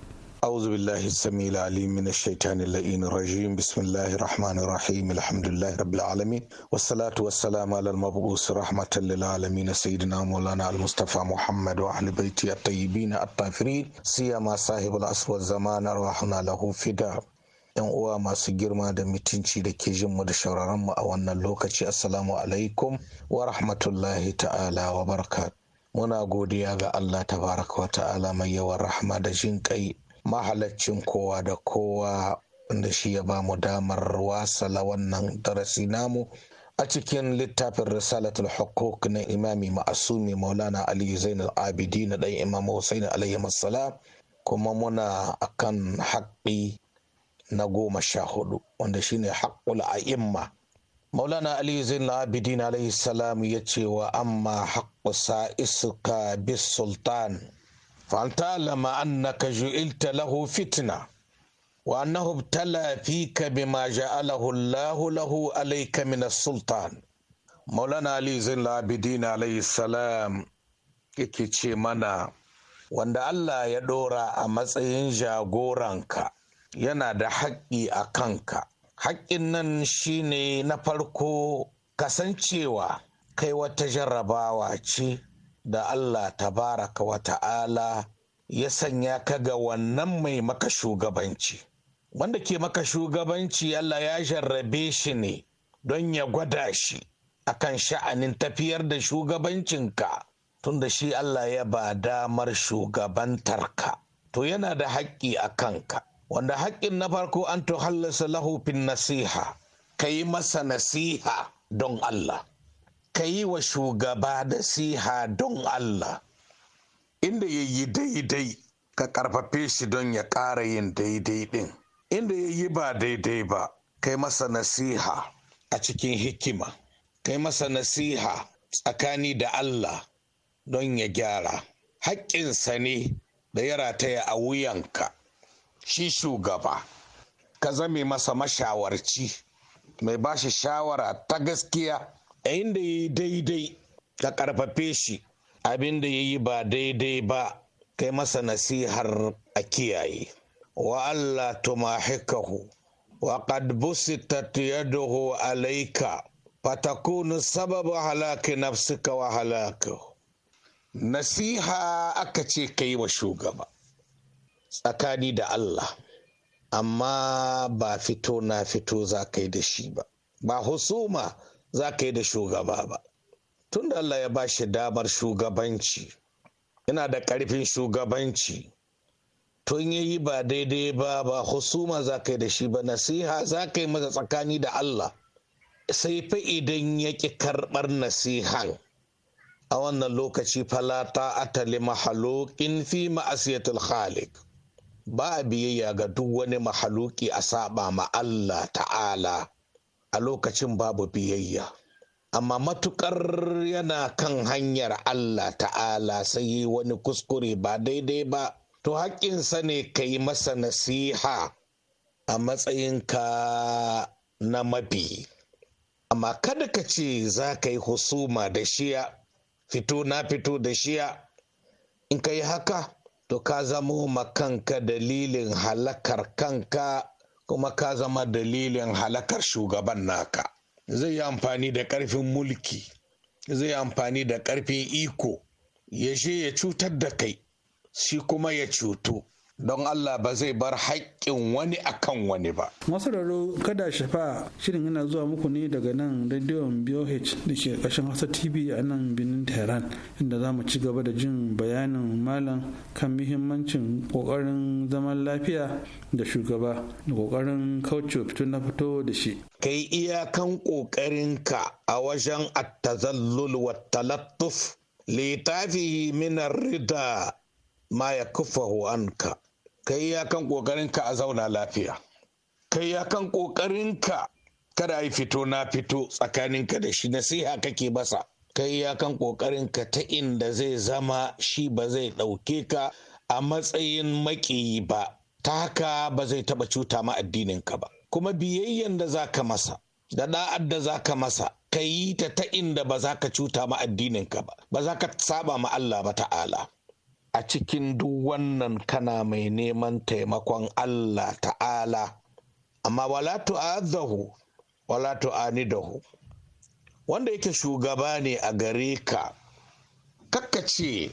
أعوذ بالله السميع العليم من الشيطان اللئيم الرجيم بسم الله الرحمن الرحيم الحمد لله رب العالمين والصلاة والسلام على المبعوث رحمة للعالمين سيدنا مولانا المصطفى محمد وأهل بيته الطيبين الطاهرين سيما صاحب العصر والزمان أرواحنا له فداء yan uwa masu girma da mutunci da ke jin mu da shauraron mu a wannan lokaci assalamu alaikum wa rahmatullahi ta'ala wa barka muna godiya ga Allah tabaraka wa ta'ala mai yawan rahma da jin kai mahalaccin kowa da kowa wanda shi ya ba mu damar wasala wannan darasi namu a cikin littafin risalatul hukuk na imami ma'asumi maulana ali zainal abidi na ɗan imam hussein alayhi kuma muna akan haƙƙi na goma sha hudu wanda shine haƙƙul a'imma maulana ali abidi abidin alayhi salam ya ce wa amma haƙƙu sa'isuka bis sultan fanta lama an na ka lahu fitina wa na hubta lafi ka bi ma ja alahu lahu lahu sultan maulana ali zai labidi na alayhi salam kikici mana wanda allah ya ɗora a matsayin jagoran ka yana da haƙƙi a kanka haƙƙin nan shi na farko kasancewa kai wata jarrabawa ce da Allah tabaraka wa ta'ala ya sanya ka ga wannan mai maka shugabanci wanda ke maka shugabanci Allah ya jarrabe shi ne don ya gwada shi akan sha'anin tafiyar da shugabancinka tunda shi Allah ya ba damar shugabantarka to yana da haƙƙi a kanka wanda haƙƙin na farko an to hallasa lahufin nasiha ka yi masa nasiha don Allah ka yi wa shugaba nasiha don Allah inda ya yi daidai ka karfafe shi don ya ƙara yin daidai ɗin inda ya yi ba daidai ba kai masa nasiha a cikin hikima kai masa nasiha tsakani da Allah don ya gyara haƙƙinsa ne da ya rataya a wuyanka shi shugaba ka zame masa mashawarci mai ba shi shawara ta gaskiya Inda da ya yi daidai ka karfafe shi abin da ya yi ba daidai ba kai masa nasihar a kiyaye wa Allah tumahikahu wa qad busitat yaduhu alayka fatakunu sababu halaki nafsika wa halakahu nasiha aka ce kai wa shugaba tsakani da Allah amma ba fito na fito za ka yi da shi ba ba husuma za ka yi da shugaba ba tun da Allah ya ba shi damar shugabanci yana da ƙarfin shugabanci tun ya yi ba daidai ba ba husuma za ka yi da shi ba nasiha za ka yi masa tsakani da Allah sai fa idan ya ƙi karɓar nasihan a wannan lokaci falata a atali mahalokin fi ma'asiyatul khaliq ba biyayya ga duk wani mahaluki a saba ma Allah ta'ala a lokacin babu biyayya amma matukar yana kan hanyar Allah ta'ala sai yi wani kuskure ba daidai ba to haƙƙinsa ne ka yi masa nasiha a matsayinka na mabi amma kada ka ce za ka yi husuma da shiya fito na fito da shiya in ka yi haka to ka zamo makanka dalilin halakar kanka kuma ka zama dalilin halakar shugaban naka zai yi amfani da ƙarfin mulki zai yi amfani da ƙarfin iko ya je ya cutar da kai shi kuma ya cuto. don Allah ba zai bar haƙƙin wani akan wani ba. raro kada shafa shirin yana zuwa muku ne daga nan rediyon BOH da ke ƙarshen Hausa TV a nan birnin Tehran inda za mu ci gaba da jin bayanin malam kan muhimmancin ƙoƙarin zaman lafiya da shugaba da ƙoƙarin kauce fito na fito da shi. Kai iyakan ƙoƙarinka a wajen attazallul wa talattuf litafihi minar rida ma ya kufahu anka ka yi kan ƙoƙarinka a zauna lafiya ka yi yakan ƙoƙarinka kada yi fito na fito tsakaninka da shi nasiha kake basa ka yi yakan ƙoƙarinka ta inda zai zama shi ba zai ɗauke ka a matsayin maƙiyi ba ta haka ba zai taɓa cuta ma addininka ba kuma biyayyen da za ka masa da da'ad da za ka masa ka yi ta ta inda ba za ka cuta ma addininka ba ba za ka saba ma Allah ba ta'ala a cikin duk wannan kana mai neman taimakon Allah ta'ala amma wala tu'azzahu wala tu'anidahu wanda yake shugaba ne a gare ka ce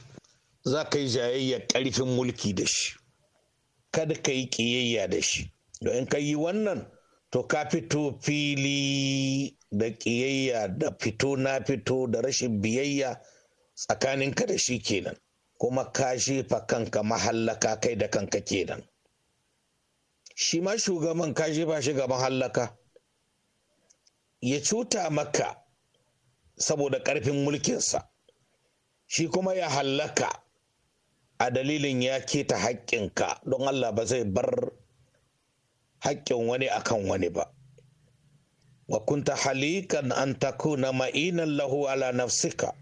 za ka yi jayayyar ƙarfin mulki da shi kada ka yi ƙiyayya da shi don in ka yi wannan to ka fito fili da ƙiyayya da fito na fito da rashin biyayya tsakaninka da shi kenan kuma ka jefa kanka mahallaka kai da kanka kenan shi ma shugaban ka jefa shi ga mahallaka ya cuta maka saboda ƙarfin mulkinsa shi kuma ya hallaka a dalilin ya keta haƙƙinka don Allah ba zai bar haƙƙin wani akan wani ba wa kunta halikan an takuna ma'inan lahu ala nafsika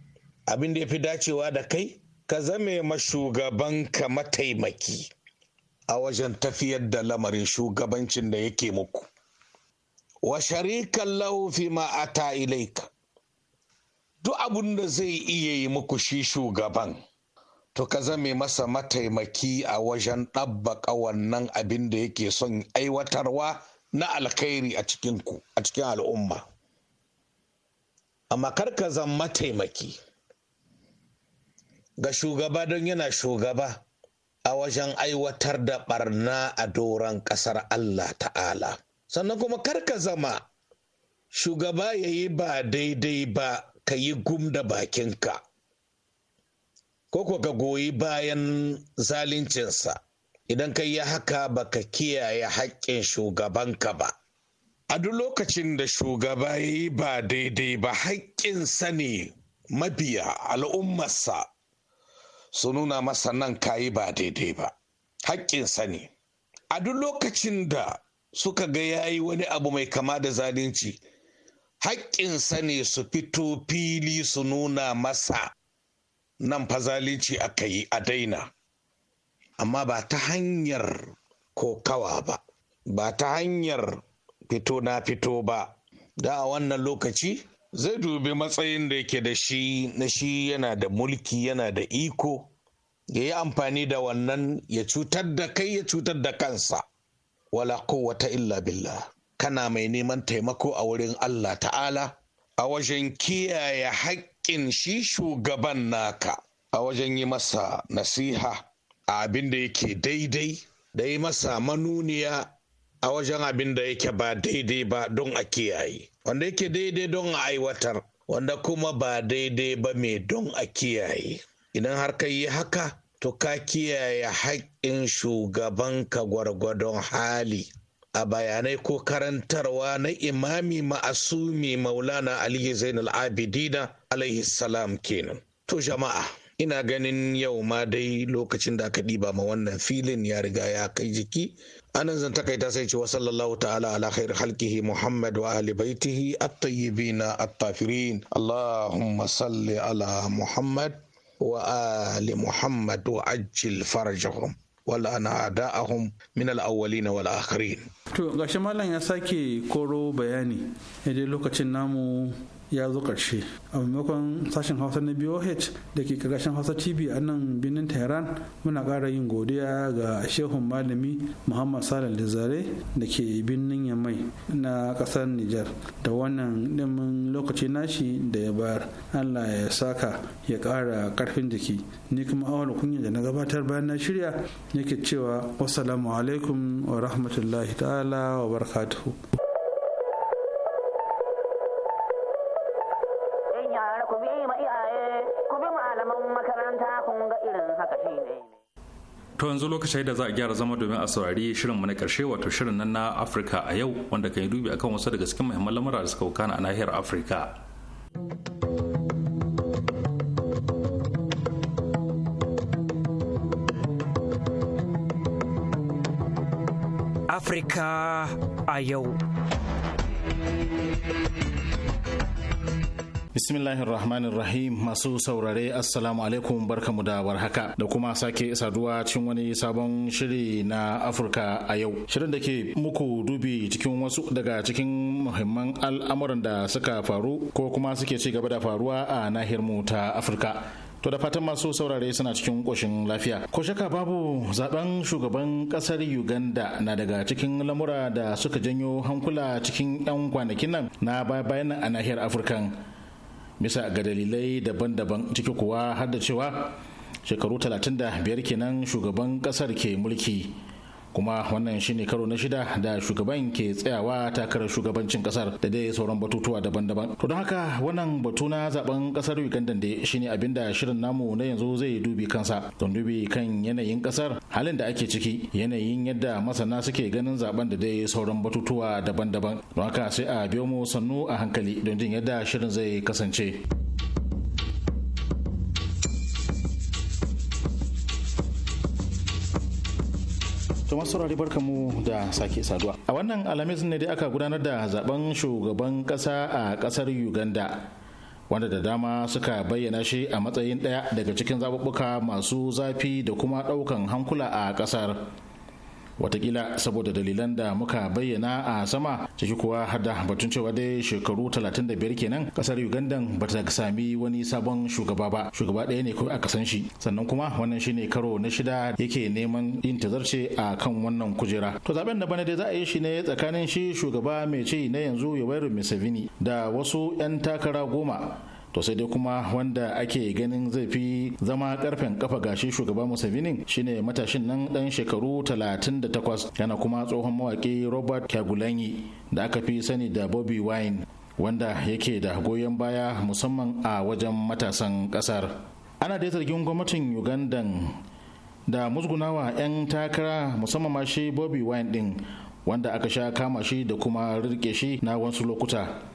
abin da ya fi dacewa da kai ka zame ma shugabanka mataimaki a wajen tafiyar da lamarin shugabancin da yake muku wa sharikan laufi fi ma ata ilaika duk abin da zai iya yi muku shi shugaban to ka zame masa mataimaki a wajen ɗabbaƙa wannan abin da yake son aiwatarwa na alkhairi a cikin al'umma amma kar ka zama mataimaki ga shugaba don yana shugaba a wajen aiwatar da barna a doron ƙasar Allah ta'ala. Sannan kuma karka zama shugaba ya yi ba daidai ba ka yi gum da bakinka, ko ka goyi bayan zalincinsa, idan ka yi haka ba ka kiyaye haƙƙin shugabanka ba. A duk lokacin da shugaba ya yi ba daidai ba haƙƙinsa ne mabiya al'ummarsa. su nuna masa nan kayi ba daidai ba haƙƙinsa ne a duk lokacin da suka ga ya yi wani abu mai kama da zalunci haƙƙinsa ne su fito fili su nuna masa nan fa zalunci aka yi a daina amma ba ta hanyar kokawa ba ba ta hanyar fito na fito ba da a wannan lokaci zai dubi matsayin da yake da shi na shi yana da mulki yana da iko ya yi amfani da wannan ya cutar da kai ya cutar da kansa wala wata illa billa. kana mai neman taimako a wurin Allah ta'ala a wajen kiyaye haƙƙin shi shugaban naka a wajen yi masa nasiha a abin da yake daidai da yi masa manuniya a wajen abin da yake ba daidai ba don a kiyaye wanda yake daidai don a aiwatar wanda kuma ba daidai ba mai don a kiyaye idan har ka yi haka to ka kiyaye haƙƙin shugabanka gwargwadon hali a bayanai ko karantarwa na imami ma'asumi maulana aliyu zainal abidina alaihi salam kenan to jama'a ina ganin yau ma dai lokacin da aka ɗiba ma wannan filin ya riga ya kai jiki anan zan takaita sai ce wa sallallahu ta'ala ala khair halkihi muhammad wa ahli baitihi at-tayyibin at-tafirin allahumma salli ala muhammad wa ali muhammad wa ajil farajahum wala ana da'ahum min al-awwalin wal akhirin to gashi mallan ya sake koro bayani idan lokacin namu ya zo ƙarshe a maimakon sashen hausa na boh da ke ƙarƙashin hausa tv a nan birnin tehran muna ƙara yin godiya ga shehun malami muhammad salal da zare da ke birnin yamai na ƙasar nijar da wannan ɗimin lokaci nashi da ya bayar allah ya saka ya ƙara ƙarfin jiki ni kuma awal kunya da na gabatar bayan na shirya yake cewa wassalamu alaikum wa rahmatullahi ta'ala wa barakatuhu to yanzu lokacin da za a gyara zama domin a saurari shirin mana karshe wato shirin nan na afirka a yau wanda kan yi dubi akan wasu daga cikin muhimman lamura da suka wakana a nahiyar Afrika. Afrika a yau rahmanir bismillahir rahim masu saurare assalamu alaikum barkamu da warhaka da kuma sake saduwa cikin wani sabon shiri na Afirka a yau. Shirin da ke muku dubi cikin wasu daga cikin muhimman al'amuran da suka faru ko kuma suke ci gaba da faruwa a nahiyar mu ta Afirka. To da fatan masu saurare suna cikin ƙoshin lafiya. Ko shaka babu zaben shugaban ƙasar Uganda na daga cikin lamura da suka janyo hankula cikin 'yan kwanakin nan na bayan a nahiyar Afirka. bisa ga dalilai daban-daban ciki kuwa har da cewa shekaru 35 kenan shugaban kasar ke mulki kuma wannan shine karo na shida da shugaban ke tsayawa takarar shugabancin kasar da dai sauran batutuwa daban-daban to don haka wannan batu na zaben kasar uganda da shine abin da shirin namu na yanzu zai dubi kansa don dubi kan yanayin kasar halin da ake ciki yanayin yadda masana suke ganin zaben da dai sauran batutuwa daban-daban don haka sai a biyo mu sannu a hankali don jin yadda shirin zai kasance. To masu saurari barka mu da sake saduwa. A wannan alhamis ne dai aka gudanar da zaben shugaban kasa a kasar Uganda. wanda da dama suka bayyana shi a matsayin daya daga cikin zaɓuɓɓuka masu zafi da kuma ɗaukan hankula a ƙasar. watakila saboda dalilan da muka bayyana a sama ciki kuwa hada batun cewa dai shekaru 35 kenan kasar uganda ba ta sami wani sabon shugaba ba shugaba ɗaya ne kawai aka san shi sannan kuma wannan shine karo na shida yake neman yin tazarce a kan wannan kujera to zaben da bana dai za a yi shi ne tsakanin shi shugaba mai ci na yanzu yoweri museveni da wasu 'yan takara goma to sai dai kuma wanda ake ganin zai fi zama karfen kafa gashi shugaba museveni shine matashin nan dan shekaru 38 yana kuma tsohon mawaki robert kyagulanyi da aka fi sani da bobby wine wanda yake da goyon baya musamman a wajen matasan kasar ana da zargin gwamnatin uganda da musgunawa 'yan takara musamman ma shi bobby wine din wanda aka sha kama shi da kuma rirke shi na wasu lokuta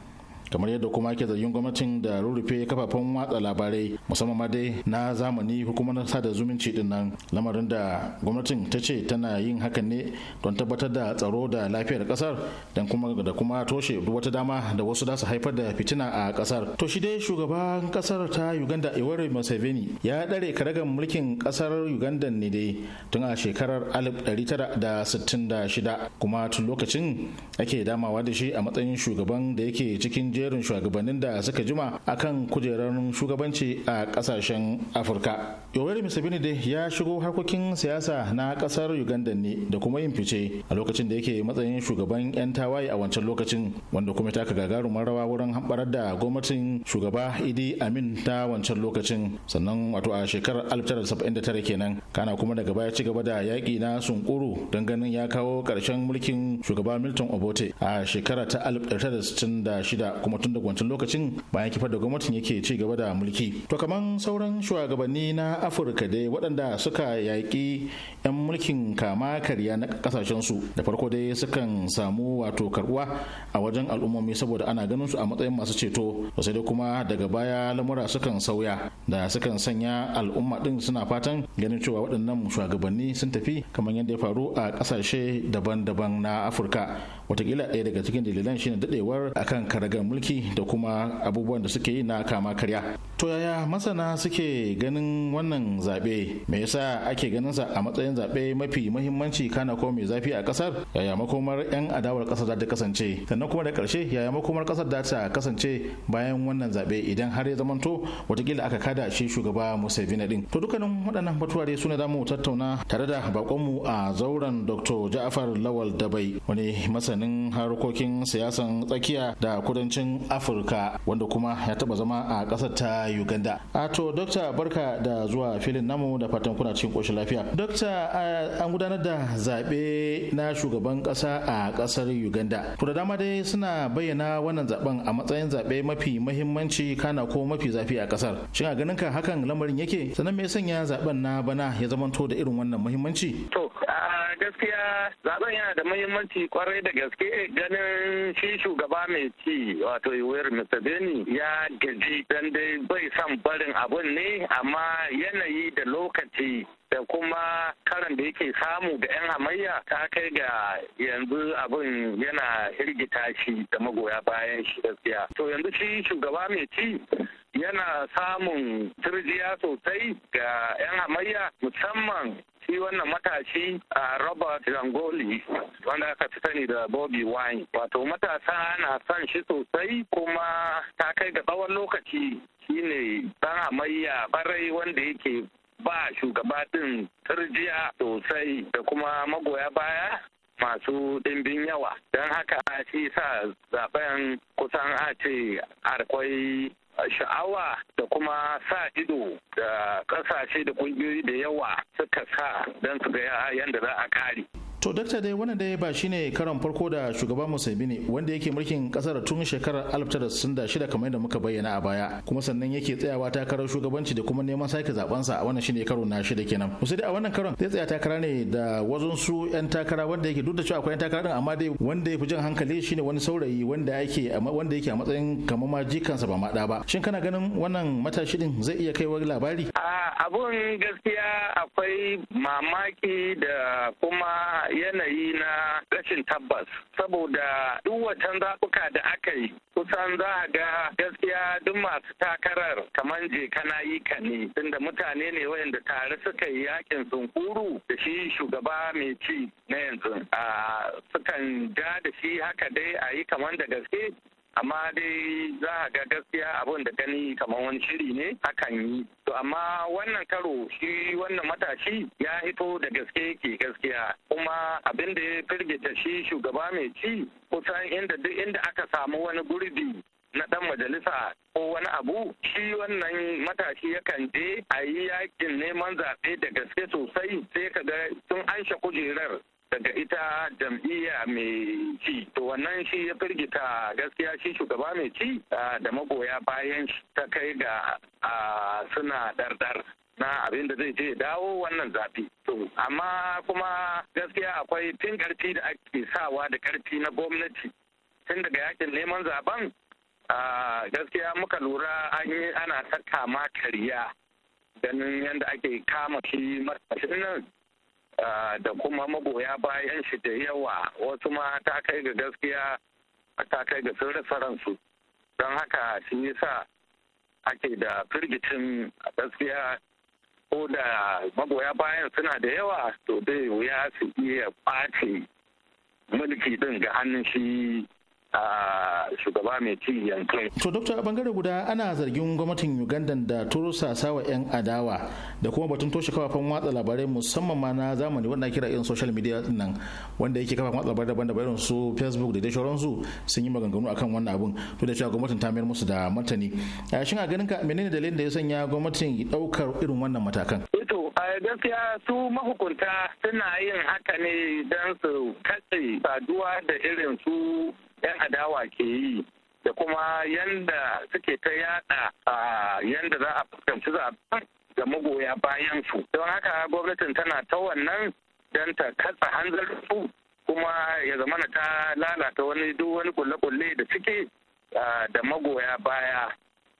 kamar yadda kuma ke zargin gwamnatin da rurrufe kafafen watsa labarai musamman ma dai na zamani hukumar sa da zumunci din nan lamarin da gwamnatin ta ce tana yin hakan ne don tabbatar da tsaro da lafiyar kasar dan kuma da kuma toshe duk wata dama da wasu da su haifar da fitina a kasar to shi dai shugaban kasar ta Uganda Yoweri Museveni ya dare karagan mulkin kasar Uganda ne dai tun a shekarar 1966 kuma tun lokacin ake damawa da shi a matsayin shugaban da yake cikin jerin shugabannin da suka jima a kan kujerar shugabanci a kasashen afirka yoweri museveni dai ya shigo harkokin siyasa na kasar uganda ne da kuma yin fice a lokacin da yake matsayin shugaban 'yan tawaye a wancan lokacin wanda kuma taka gagarumar rawa wurin hamɓarar da gwamnatin shugaba idi amin ta wancan lokacin sannan wato a shekarar 1979 kenan kana kuma daga baya ci gaba da yaƙi na sunkuru don ganin ya kawo ƙarshen mulkin shugaba milton obote a shekara ta 1966 kuma tun daga wancan lokacin bayan kifar da gwamnatin yake ci gaba da mulki to kaman sauran shugabanni na afirka dai waɗanda suka yaƙi 'yan mulkin kama karya na ƙasashensu da farko dai sukan samu wato karɓuwa a wajen al'ummomi saboda ana ganin su a matsayin masu ceto sai dai kuma daga baya lamura sukan sauya da sukan sanya al'umma din suna fatan ganin cewa waɗannan shugabanni sun tafi kamar yadda ya faru a ƙasashe daban-daban na afirka watakila ɗaya daga cikin dalilan shine dadewar akan karagar mulki da kuma abubuwan da suke yi na kama karya to yaya masana suke ganin wannan zaɓe me yasa ake ganin sa a matsayin zaɓe mafi muhimmanci kana ko mai zafi a ƙasar yaya makomar 'yan adawar ƙasar za ta kasance sannan kuma da ƙarshe yaya makomar ƙasar za ta kasance bayan wannan zaɓe idan har ya zamanto watakila aka kada shi shugaba museveni din to dukkanin waɗannan su dai suna mu tattauna tare da bakonmu a zauren dr jafar lawal dabai wani masani masanin harkokin siyasan tsakiya da kudancin afirka wanda kuma ya taba zama a kasar ta uganda a to dokta barka da zuwa filin namu da fatan kuna cikin koshin lafiya dokta an gudanar da zaɓe na shugaban ƙasa a ƙasar uganda to da dama dai suna bayyana wannan zaben a matsayin zaɓe mafi mahimmanci kana ko mafi zafi a ƙasar shin a ganin ka hakan lamarin yake sannan me sanya zaben na bana ya zamanto da irin wannan mahimmanci to gaskiya zaben yana da muhimmanci kwarai da gaske ganin shi shugaba mai ci wato yiwuwar Museveni ya gaji dan dai bai son barin abun ne amma yanayi da lokaci da kuma karan da yake samu ga 'yan hamayya ta kai ga yanzu abun yana hirgita shi da magoya bayan shi gaskiya. To yanzu shi shugaba mai ci yana samun turjiya sosai ga 'yan hamayya musamman shi wannan matashi a Robert Zangoli wanda aka fi sani da Bobby Wine. Wato matasa na son shi sosai kuma ta kai ga tsawon lokaci shine ɗan hamayya barai wanda yake ba shugaba ɗin turjiya sosai da kuma magoya baya masu ɗimbin yawa don haka shi sa zaben kusan a ce akwai sha'awa da kuma sa ido da ƙasashe da ƙungiyoyi da yawa suka sa don su ga yadda za a kare. to dakta dai wannan dai ba shine karan farko da shugaban museveni wanda yake mulkin kasar tun shekarar 1966 kamar yadda muka bayyana a baya kuma sannan yake tsayawa takarar shugabanci da kuma neman sake zabansa a wannan shine karo na shida kenan dai a wannan karon zai tsaya takara ne da wazon su yan takara wanda yake duk da cewa akwai yan takara din amma dai wanda ya fi jan hankali shine wani saurayi wanda yake wanda yake a matsayin kamar ma jikansa ba ma da ba shin kana ganin wannan matashi din zai iya kaiwa labari a abun gaskiya akwai mamaki da kuma yanayi na rashin tabbas saboda duk watan zaɓuka da aka yi kusan za a ga gaskiya duk masu takarar kamar je kana yi ka ne tunda mutane ne wayanda tare suka yi yakin sunkuru da shi shugaba mai ci na yanzu a ah, sukan ja da shi haka dai a yi kamar da gaske amma dai za a ga gaskiya abin da gani kamar wani shiri ne hakan yi to amma wannan karo shi wannan matashi ya hito da gaske yake gaskiya kuma abin da ya firgita shi shugaba mai ci kusan inda duk inda aka samu wani gurbi na dan majalisa ko wani abu shi wannan matashi yakan je a yi yakin neman zaɓe da gaske sosai sai ka ga sun ansha kujerar daga ita jam'iyya mai ci to wannan shi ya firgita gaskiya shi shugaba mai ci ah, da magoya bayan ta kai ga ah, suna dardar na abin da zai je dawo wannan zafi to amma kuma gaskiya akwai tun karfi da ake sawa da karfi na gwamnati tun daga yakin neman zaben ah, gaskiya muka lura an yi ana ta kama karya ganin yadda ake kama shi matashin nan da kuma magoya bayan shi da yawa wasu ma ta kai ga gaskiya ta kai ga sun rasa don haka shi yasa ake da firgicin gaskiya ko da magoya bayan suna da yawa to dai wuya su iya ɓace mulki din ga hannun shi a shugaba mai ci yankin. To dokta a bangare guda ana zargin gwamnatin Uganda da turusa wa 'yan adawa da kuma batun toshe kafafen watsa labarai musamman ma na zamani wanda kira irin social media nan wanda yake kafafen watsa labarai daban daban irin su Facebook da dai sauransu sun yi maganganu akan wannan abun to da cewa gwamnatin ta mayar musu da martani. Shin a ganin ka menene dalilin da ya sanya gwamnatin daukar irin wannan matakan? Eh gaskiya su mahukunta suna yin haka ne don su katse saduwa da irin su 'yan adawa ke yi da kuma yanda suke ta yada yanda za a fuskanci zaben da magoya bayan su don haka gwamnatin tana ta wannan don ta katsa hanzar su kuma ya zamana ta lalata wani duk wani kulle-kulle da suke da magoya baya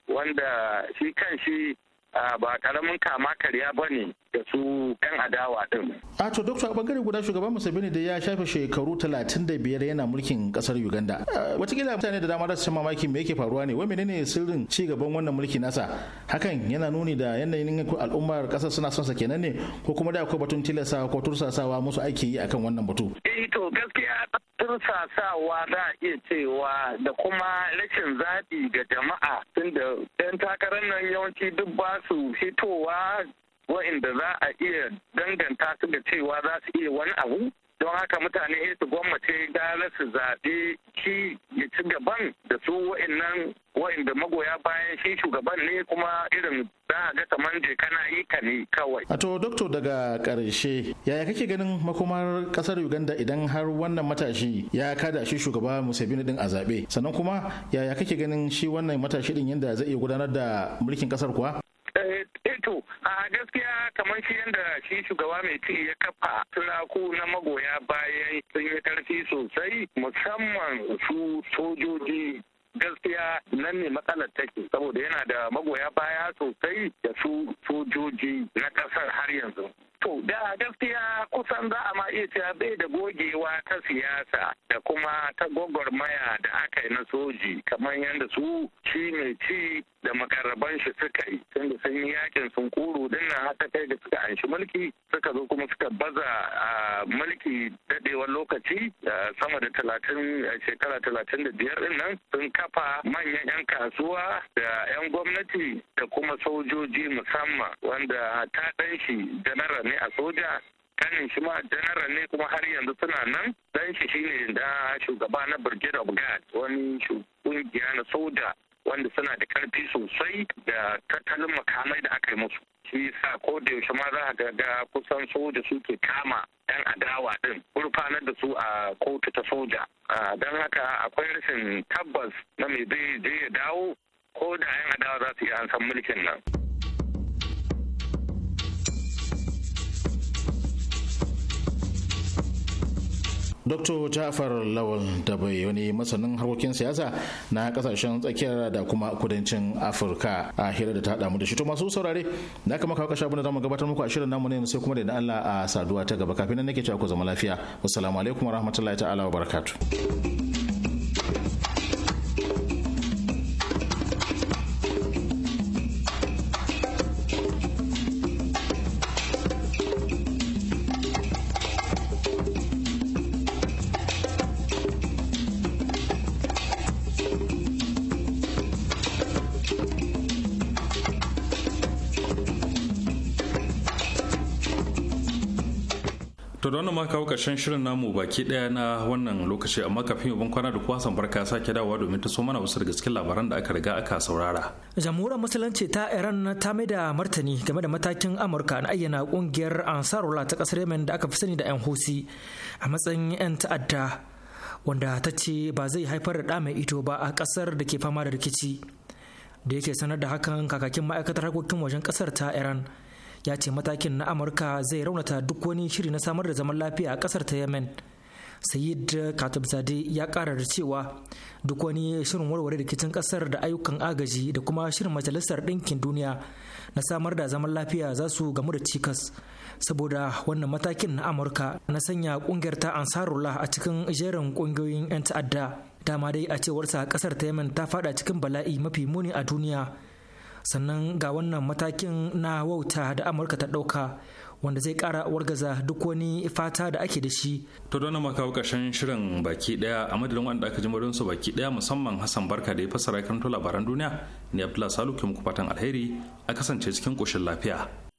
wanda shi kan shi Ah, ba karamin kama karya ba ne da su 'yan adawa din. Ah, a to doktor a bangare guda shugaban Museveni da ya shafe shekaru 35 yana mulkin kasar Uganda. Ah, Watakila mutane da dama su mamaki me yake faruwa ne, wani ne sirrin ci gaban wannan mulki nasa? Hakan yana nuni da yanayin al'ummar kasar suna son sa kenan ne ko kuma da akwai batun tilasa ko tursasawa musu aiki yi akan wannan batu. Eh to gaskiya tursasawa za a iya cewa da kuma rashin zaɓi ga jama'a tunda 'yan takarar nan yawanci duk ba su fitowa wa'inda za a iya danganta su da cewa za su iya wani abu don haka mutane sai su gwammace gara su zaɓi shi ya ci gaban da su wa'annan wa'anda magoya bayan shi shugaban ne kuma irin za a ga kamar je kana yi ka ne kawai. A to doktor daga ƙarshe yaya kake ganin makomar kasar Uganda idan har wannan matashi ya kada shi shugaba Museveni din a zaɓe sannan kuma yaya kake ganin shi wannan matashi din yadda zai iya gudanar da mulkin kasar kuwa? Eto, eh, eh, a gaskiya kamar shi yadda shi shugaba mai ci ya kafa tunaku na magoya bayan sun yi karfi sosai musamman su sojoji gaskiya nan ne matsalar take saboda yana da magoya baya sosai da su sojoji na kasar har yanzu. To da gaskiya kusan za a ma iya cewa bai da gogewa ta siyasa da kuma ta gwagwarmaya da aka yi na soji kamar yadda su shi mai ci da makarraban shi suka yi tunda sun yi yakin sun kuru din nan haka kai da suka anshi mulki suka zo kuma suka baza a mulki dadewar lokaci sama da talatin shekara talatin da biyar din nan sun kafa manyan 'yan kasuwa da 'yan gwamnati da kuma sojoji musamman wanda ta dan shi janaral ne a soja kanin shi ma janaral ne kuma har yanzu suna nan dan shi shine da shugaba na brigade of guard wani kungiya na soja wanda suna da karfi sosai da tattalin makamai da aka yi musu shi sa ko da yaushe ma za ga ga kusan soja suke kama yan adawa din gurfanar da su a kotu ta soja don haka akwai rashin tabbas na mai zai je ya dawo ko da yan adawa za su yi an san mulkin nan. dr jafar lawal da bai wani masanin harkokin siyasa na kasashen tsakiyar da kuma kudancin afirka a hira da ta damu da shi to masu saurare na aka kawo kasha abinda zamu gabatar muku a shirin namu ne sai kuma da Allah a saduwa ta gaba kafin nan nake cewa ku zama lafiya assalamu alaikum warahmatullahi ta'ala wabarakatuh da wannan ma kawo karshen shirin namu baki daya na wannan lokaci amma kafin yabon kwana da kuwa sambar barka sake dawowa domin ta so mana wasu daga cikin labaran da aka riga aka saurara jamhuriyar musulunci ta iran ta mai da martani game da matakin amurka na ayyana kungiyar ansarola ta kasar yemen da aka fi sani da yan husi a matsayin yan ta'adda wanda ta ce ba zai haifar da mai ito ba a kasar da ke fama da rikici da yake sanar da hakan kakakin ma'aikatar harkokin wajen kasar ta iran ya ce matakin na amurka zai raunata duk wani shiri na samar da zaman lafiya a kasar ta yemen sayid katabzade ya kara da cewa duk wani shirin warware rikicin kasar da ayyukan agaji da kuma shirin majalisar ɗinkin duniya na samar da zaman lafiya za su gamu da cikas saboda wannan matakin na amurka na sanya kungiyar ta ansarullah a cikin jerin kungiyoyin 'yan ta'adda dama dai a cewarsa kasar ta yemen ta fada cikin bala'i mafi muni a duniya sannan ga wannan matakin na wauta da amurka ta ɗauka wanda zai kara wargaza duk wani fata da ake da shi. To don ma kawo shirin baki daya a madadin wanda aka ji murin su baki daya musamman Hassan Barka da ya fassara karanto labaran duniya ne Abdullahi saluki muku fatan alheri a kasance cikin koshin lafiya.